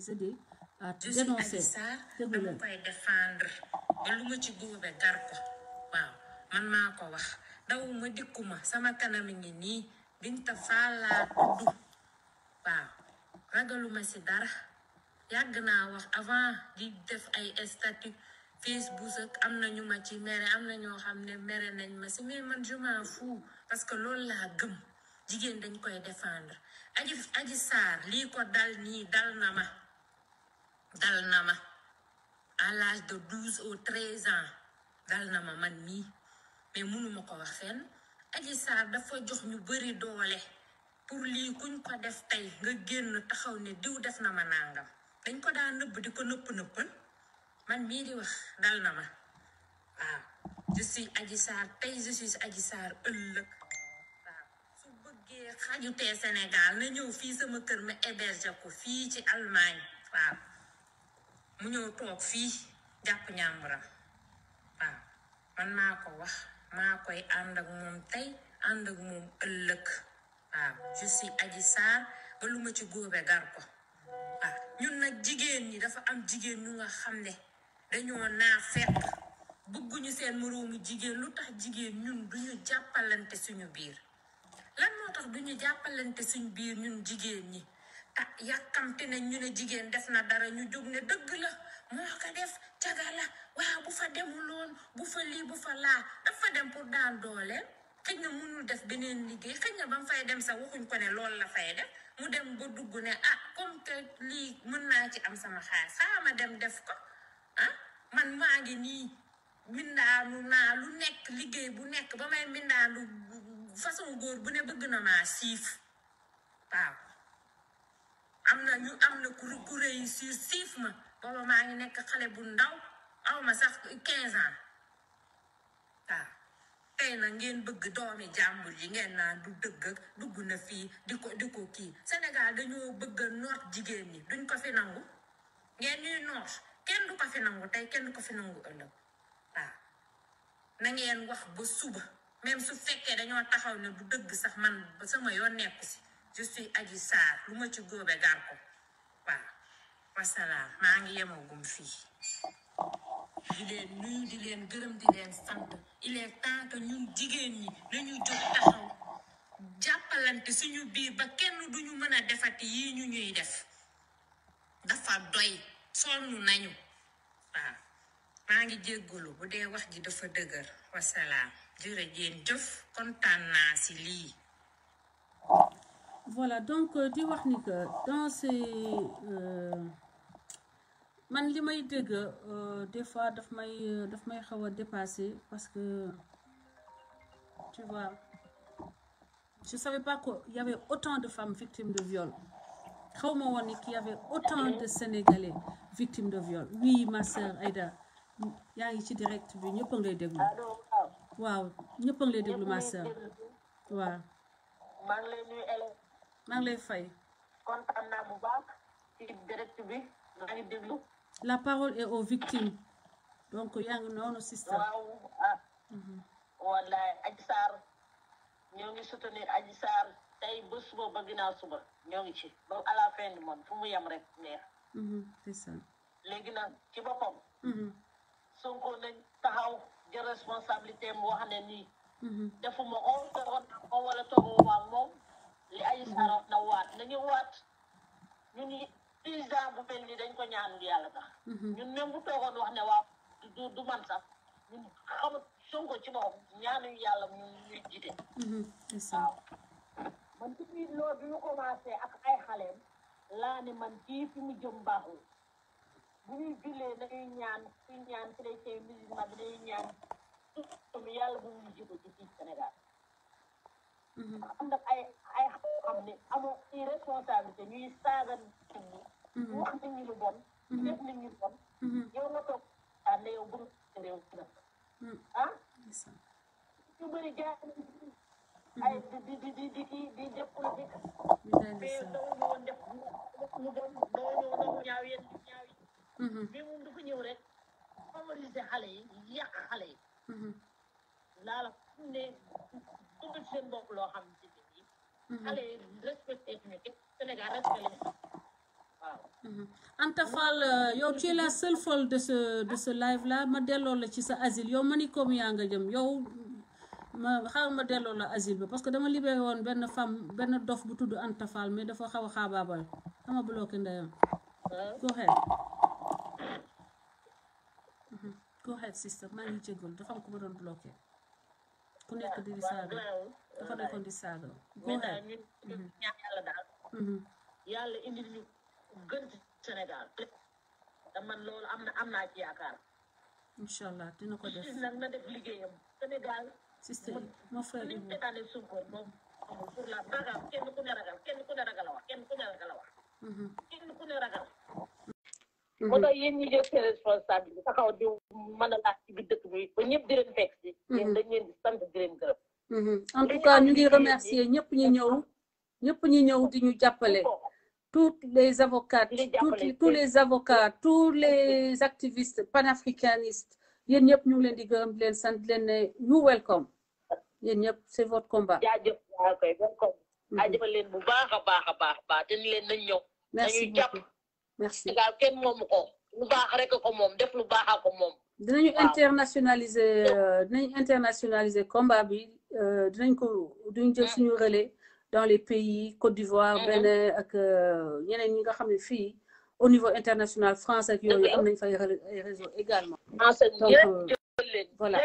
les aider à dénoncer déglu leen koy défendre ba lu ma ci góobe gar ko waaw man maa ko wax daw ma dikkuma sama kanam ngi nii Binta Fall laa tudd waaw ragaluma ci dara yàgg naa wax avant di def ay statut Facebook am na ñu ma ci mere am na ñoo xam ne mere nañ ma si mais man je m'en fous parce que loolu laa gëm jigéen dañ koy défendre aji aji saar lii ko dal nii dal na ma dal na ma à l'âge de douze ou treize ans dal na ma man mii mais mënuma ko wax fenn Adji dafa jox ñu bari doole pour lii kuñ ko def tey nga génn taxaw ne diw def na ma nàngam dañ ko daan nëbb di ko nëpp nëppal man mii di wax dal na ma waaw je suis Adji Sarr tey je suis ëllëg waaw su bëggee xajutee Sénégal na ñëw fii sama kër ma héberger ko fii ci Allemagne waaw mu ñëw toog fii jàpp ñàmburam waaw man maa ko wax maa koy ànd ak moom tey ànd ak moom ëllëg waaw je suis Adji ba lu ma ci góobe gar ko waaw ñun nag jigéen ñi dafa am jigéen ñu nga xam ne dañoo naa fekk bëgguñu seen moroomu jigéen lu tax jigéen ñun duñu jàppalante suñu biir lan moo tax duñu jàppalante suñu biir ñun jigéen ñi ah yàkkamti nañ ñu ne jigéen des na dara ñu jóg ne dëgg la moo ko def caga waaw bu fa demuloon bu fa lii bu fa laa dafa dem pour daan doole xëy na mënul def beneen liggéey xëy na ba mu fay dem sax waxuñ ko ne loolu la fay def mu dem ba dugg ne ah comme que lii mën naa ci am sama xaalis xaaral ah, ma dem def ko ah man maa ngi nii mbindaanu naa lu nekk liggéey bu nekk ba may mbindaanu façon góor bu ne bëgg na maa siif waaw. am na ñu am na ku réussir siif ma booba maa ngi nekk xale bu ndaw aw ma sax quinze ans waaw tey na ngeen bëgg doomi jàmbur yi ngeen naan du dëgg dugg na fii di ko di ko kii Sénégal dañoo bëgg noot jigéen ñi duñ ko fi nangu ngeen ñuy noot kenn du ko fi nangu tey kenn ko fi nangu ëllëg waaw na ngeen wax ba suba même su fekkee dañoo taxaw ne du dëgg sax man sama yoon nekku si je suis Adji lu ma ci góobe gar ko waaw wasalaam maa ngi yemagum fii di leen nuyu di leen gërëm di leen sant il est ñun jigéen ñi nañu jóg taxaw jàppalante suñu biir ba kenn duñu mën a defati yii ñu ñuy def dafa doy sonnu nañu waaw maa ngi jéggalu bu dee wax ji dafa dëgër wasalaam jërëjeen jëf kontaan naa si lii voilà donc euh, di wax ni que dans euh, man li may dégg euh, des fois daf may daf may xaw a dépassé parce que tu vois je savais pas que y avait autant de femmes victimes de viol xaw ma woon ni qu'il y avait autant de Sénégalais victimes de viol oui ma sœur Aïda yaa ngi ci direct bi ñëpp a ngi lay déglu waaw ñëpp lay déglu ma sœur maa ngi lay fay. kontaan naa bu baax ci direct bi maa ngi déglu. la parole est aux victimes donc yaa ngi noonu sister. waaw ah. wallaay Adji ñoo ngi soutenir Adji Sarr tey ba suba ba ginnaaw suba ñoo ngi ci ba à la fin du monde fu mu yem rek neex. Mm-hmm, c'est léegi nag ci boppam. Mm-hmm. Sonko nañ taxaw jël responsabilité mu wax ne nii. Mm-hmm. defuma on toogoon naa ko wala toogoo waa moom. li ay saraf na waat nañu waat ñun président bu mel ni dañ ko ñaanul yàlla sax mhm. ñun même bu toogoon wax ne waa du du man sax ñun xamut Sonko ci boppam ñaanuñu yàlla mu ñuy jiite mhm. waaw man ci biir ak ay xaleem laa ne man kii fi mu jëm baaxul bu ñuy jullee nañuy ñaan kuy ñaan chrétien musulman bi dañuy ñaan yàlla bu mu jiite ci fii Sénégal ànd mm-hmm. ak ay ay xam ne amoo ci responsabilité ñuy saaga nit ñi mm-hmm. wax lu bon mm-hmm. def nit ñi lu bon yow nga toog ah ne yow bëgg réew mm. ah? ci la ah ñu bëri jaay mu dafa ñëw rek favoriser xale yi yàq xale yi laala ne indil seen loo xam ci biir xale mhm. euh, yow tu la seule de ce live là ma delloo la ci sa asile yow ma ni comme yaa nga jëm yow ma ma delloo la asile bi parce que dama libéré woon benn femme benn dof bu tudd Anta Fall mais dafa xaw a xaabaabal xama bloqué ndeyam. go ahead mhm. go ahead sister maa ngi jégalu dafa am ku ma doon bloqué. ku nekk di di saaga dafa nekkoon di saaga mais daal ñun mhm. ñaan yàlla daal mhm. yàlla indil ñu gën Sénégal te man loolu am na am naa ci yaakaar incha allah dina ko def nag na def liggéeyam Sénégal sister mon frère ni tegaane sunkoon moom amul pour la ragal kenn ku ne ragal kenn ku ne ragal a wax kenn ku a wax mhm. kenn ku ne ragal moo mhm. tax yéen ñi jël seen responsabilité kaw di mën a laaj dëkk bi ba ñëpp di leen fekk si mhm. yéen dañ leen di sant di leen gërëm mhm. en tout cas ñu ngi ñëpp ñi ñëw di ñu jàppale toutes les avocates toutes tous les avocats tous les activistes panafricanistes yen ñëpp ñu ngi leen di gërëm leen sant di leen ne ñu welcome yéen ñëpp c'est votre combat jaajëf koy leen bu baax a baax a leen nañ merci Sénégal kenn moomu ko lu baax rek ko moom def lu baax a ko moom. dinañu internationaliser euh, dinañu internationaliser combat bi euh, dinañ ko duñ jël mm. suñu relais dans les pays Côte d'Ivoire mm-hmm. Bénin ak euh, ñeneen ñi nga xam ne fii au niveau international France ak yooyu am nañ fay réseau également. donc voilà.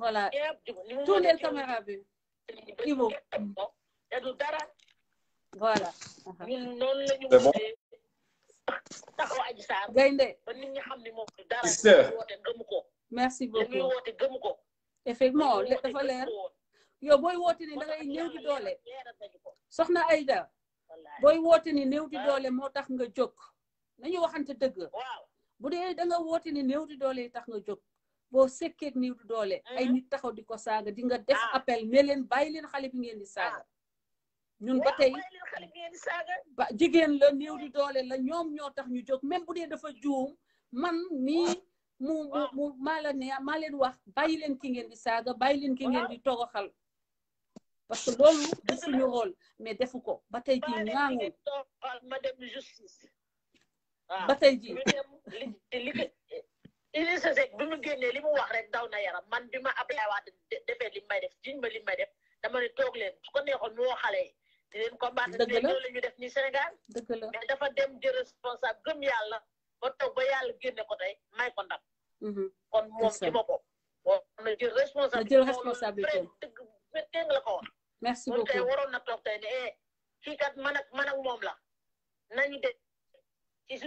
voilà tournel caméra bi Ivo. voilà. ñun noonu la ñu wootee taxaw Adji Sarr. gaynde ba xam ne moom dara. ñu ko. merci beaucoup ñu woote gëmu ko. effectivement dafa leer. yow booy woote ni da ngay néew di doole. soxna Aida. booy woote ni néew di doole moo tax nga jóg. nañu waxante dëgg. bu dee da nga woote ni néew di doole yi tax nga jóg. boo sekkee néew di doole. ay mm-hmm. nit taxaw di ko saaga di nga def ah. appel ne leen bàyyi leen xale ngeen di saaga. Ah. ñun ba tey ba jigéen la niw di doole la ñoom ñoo tax ñu jóg même bu dee dafa juum man nii mu mu mu maa la ne maa leen wax bàyyi leen ki ngeen di saaga bàyyi leen ki ngeen di togoxal parce que loolu du suñu rôle mais defu ko ba tey ji ñaangul ma dem justice ba tey ji Idrissa Seck bi mu li mu wax rek daw na yaram man bi ma Ablaye Wade defee li may def jiñ ma def dama ne toog leen su ko neexoon mu woo di leen combattre te loolu la ñu def ñu Sénégal. dëgg la mais dafa dem jël responsable gëm yàlla ba toog ba yàlla génne ko tey may ko ndam. Mhm. kon moom ci ma ko. waaw na jël responsabilité jël responsabilité am la ko woon. merci beaucoup kon tey waroon na toog tey ne eh kii kat man ak man ak moom la nañu de ci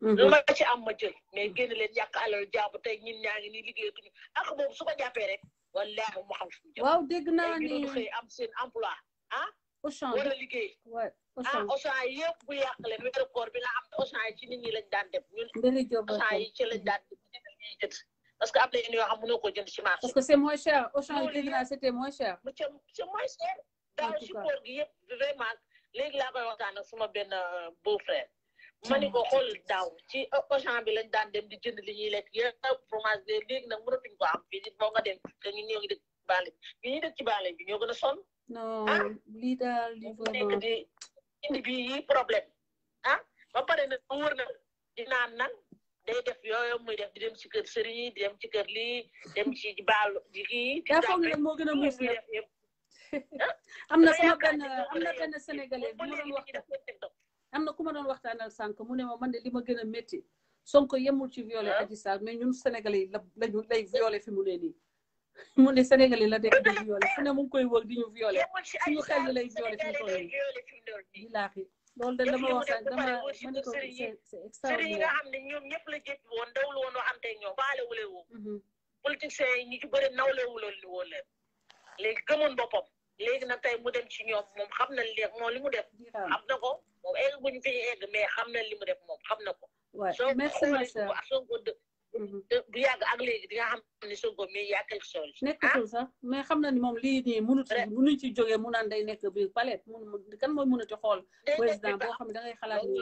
mhm. lu ma ci am ma jël mais génn leen yàq alal jàpp tey ñun ñaa ngi nii liggéeyatuñu ak boobu su ko jàppee rek wallaahi mu xam. ni am seen emploi ah. Auchan war a liggéey. ah Auchan yi yëpp bu yàqale weeru koor bi nga xam ne Auchan yi ci nit ñi lañ daan dem. ñun Auchan yi ci lañ daan dem ñuy jënd parce que am na yenn yoo xam mënoo ko jënd ci marché. parce que c'est moins cher Auchan yi c'était moins cher. c'est moins cher. daaw ci koor gi yëpp vraiment léegi laa koy waxtaan ak suma benn euh, beau-frère. ma ni ko xool daaw ci euh, Auchan bi lañ daan dem di jënd li ñuy lekk yëpp fromage léegi nag mënatuñ ko am fii nit boo nga dem te ñun ñoo ngi dëkk baale bi ñun ñi dëkk ci baale bi ñoo gën a sonn non ah. lii daal lii vraiment di indi bii problème ah ba pare nag mu wër na di naan nag day def yooyu muy def di dem ci kër sëriñ di dem ci kër lii dem ci baalu ji kii. daa foog ne moo gën a muus nag ah, am na sama benn am na benn sénégalais bu ma doon waxtaan am na ku ma doon waxtaanal sànq mu ne ma man de li ma gën a métti Sonko yemul ci violé ah. Adji Sarr mais ñun sénégalais yi la lañu lay violé fi mu ne nii. mu ne Sénégalais la nekk di violé fu ne mu ngi koy wër di ñu violé suñu xel yi lay fi mu toll laaxi loolu de dama wax sax dama xam ne ñoom la jëj woon wule woo mm-hmm. politiciens yi ñu léegi gëmoon boppam mu dem ci ñoom moom xam na léegi moom li mu def xam na ko moom egg bu ñu fi egg mais xam na li mu def moom xam na ko waaw merci ma sœur du yàgg ak léegi di nga xam ne Sonko mais y a quelque chose. nekkatul ah? sax mais xam na ni moom lii nii mënut mënuñ ci jógee mu naan day nekk biir kan mooy xool. président boo xam ne xalaat nii.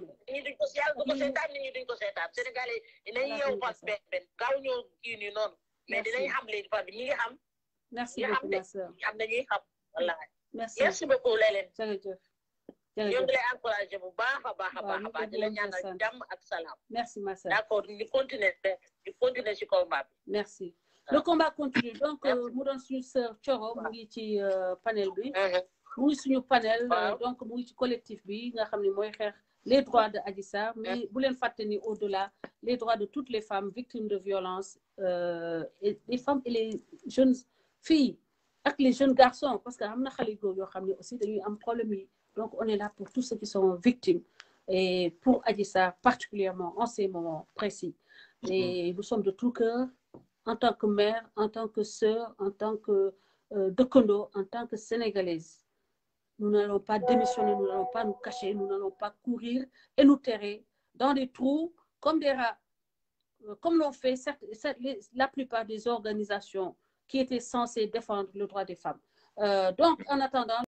Mm. duñ ko yàlla du ko seetaan ñi duñ ko seetaan Sénégalais dinañ yeewu fas benn benn gaaw ñoo kii nii noonu. mais dinañ xam léegi far bi ñi xam. merci beaucoup merci am na ñuy xam ñu ngi lay bu baax a baax a baax a baax di la ñaanal jàmm ak salaam. merci ma sœur d' accord ñu continuer ñu ci combat bi. merci le combat continue donc euh, mu doon su sœur Thioro mu ngi ci euh, panel bi. Mm-hmm. mu ngi suñu panel. Euh, donc mu ngi ci collectif bi nga xam ni mooy xeex les droits de Adji Sarr mm-hmm. mais bu leen fàtte ni au delà les droits de toutes les femmes victimes de violence et les femmes et les jeunes filles ak les jeunes garçons parce que am na xale góor yoo xam ne aussi dañuy am problème yi. Donc, on est là pour tous ceux qui sont victimes et pour Adissa, particulièrement en ces moments précis. Mm-hmm. Et nous sommes de tout cœur, en tant que mère, en tant que sœur, en tant que euh, de Kondo, en tant que Sénégalaise. Nous n'allons pas démissionner, nous n'allons pas nous cacher, nous n'allons courir et nous terrer dans les trous comme euh, comme l'ont fait certes, certes, les, la plupart des organisations qui étaient censées défendre le droit des femmes. Euh, donc, en attendant,